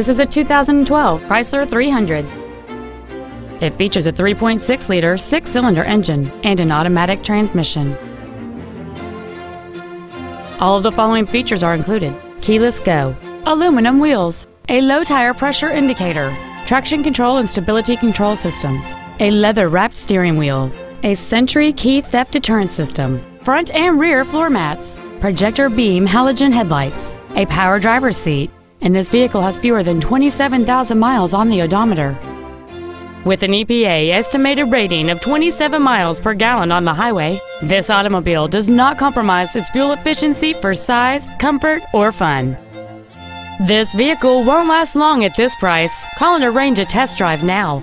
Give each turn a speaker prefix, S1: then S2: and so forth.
S1: This is a 2012 Chrysler 300. It features a 3.6-liter six-cylinder engine and an automatic transmission. All of the following features are included. Keyless go, aluminum wheels, a low tire pressure indicator, traction control and stability control systems, a leather-wrapped steering wheel, a Sentry key theft deterrent system, front and rear floor mats, projector beam halogen headlights, a power driver's seat, and this vehicle has fewer than 27,000 miles on the odometer. With an EPA estimated rating of 27 miles per gallon on the highway, this automobile does not compromise its fuel efficiency for size, comfort, or fun. This vehicle won't last long at this price. Call and arrange a test drive now.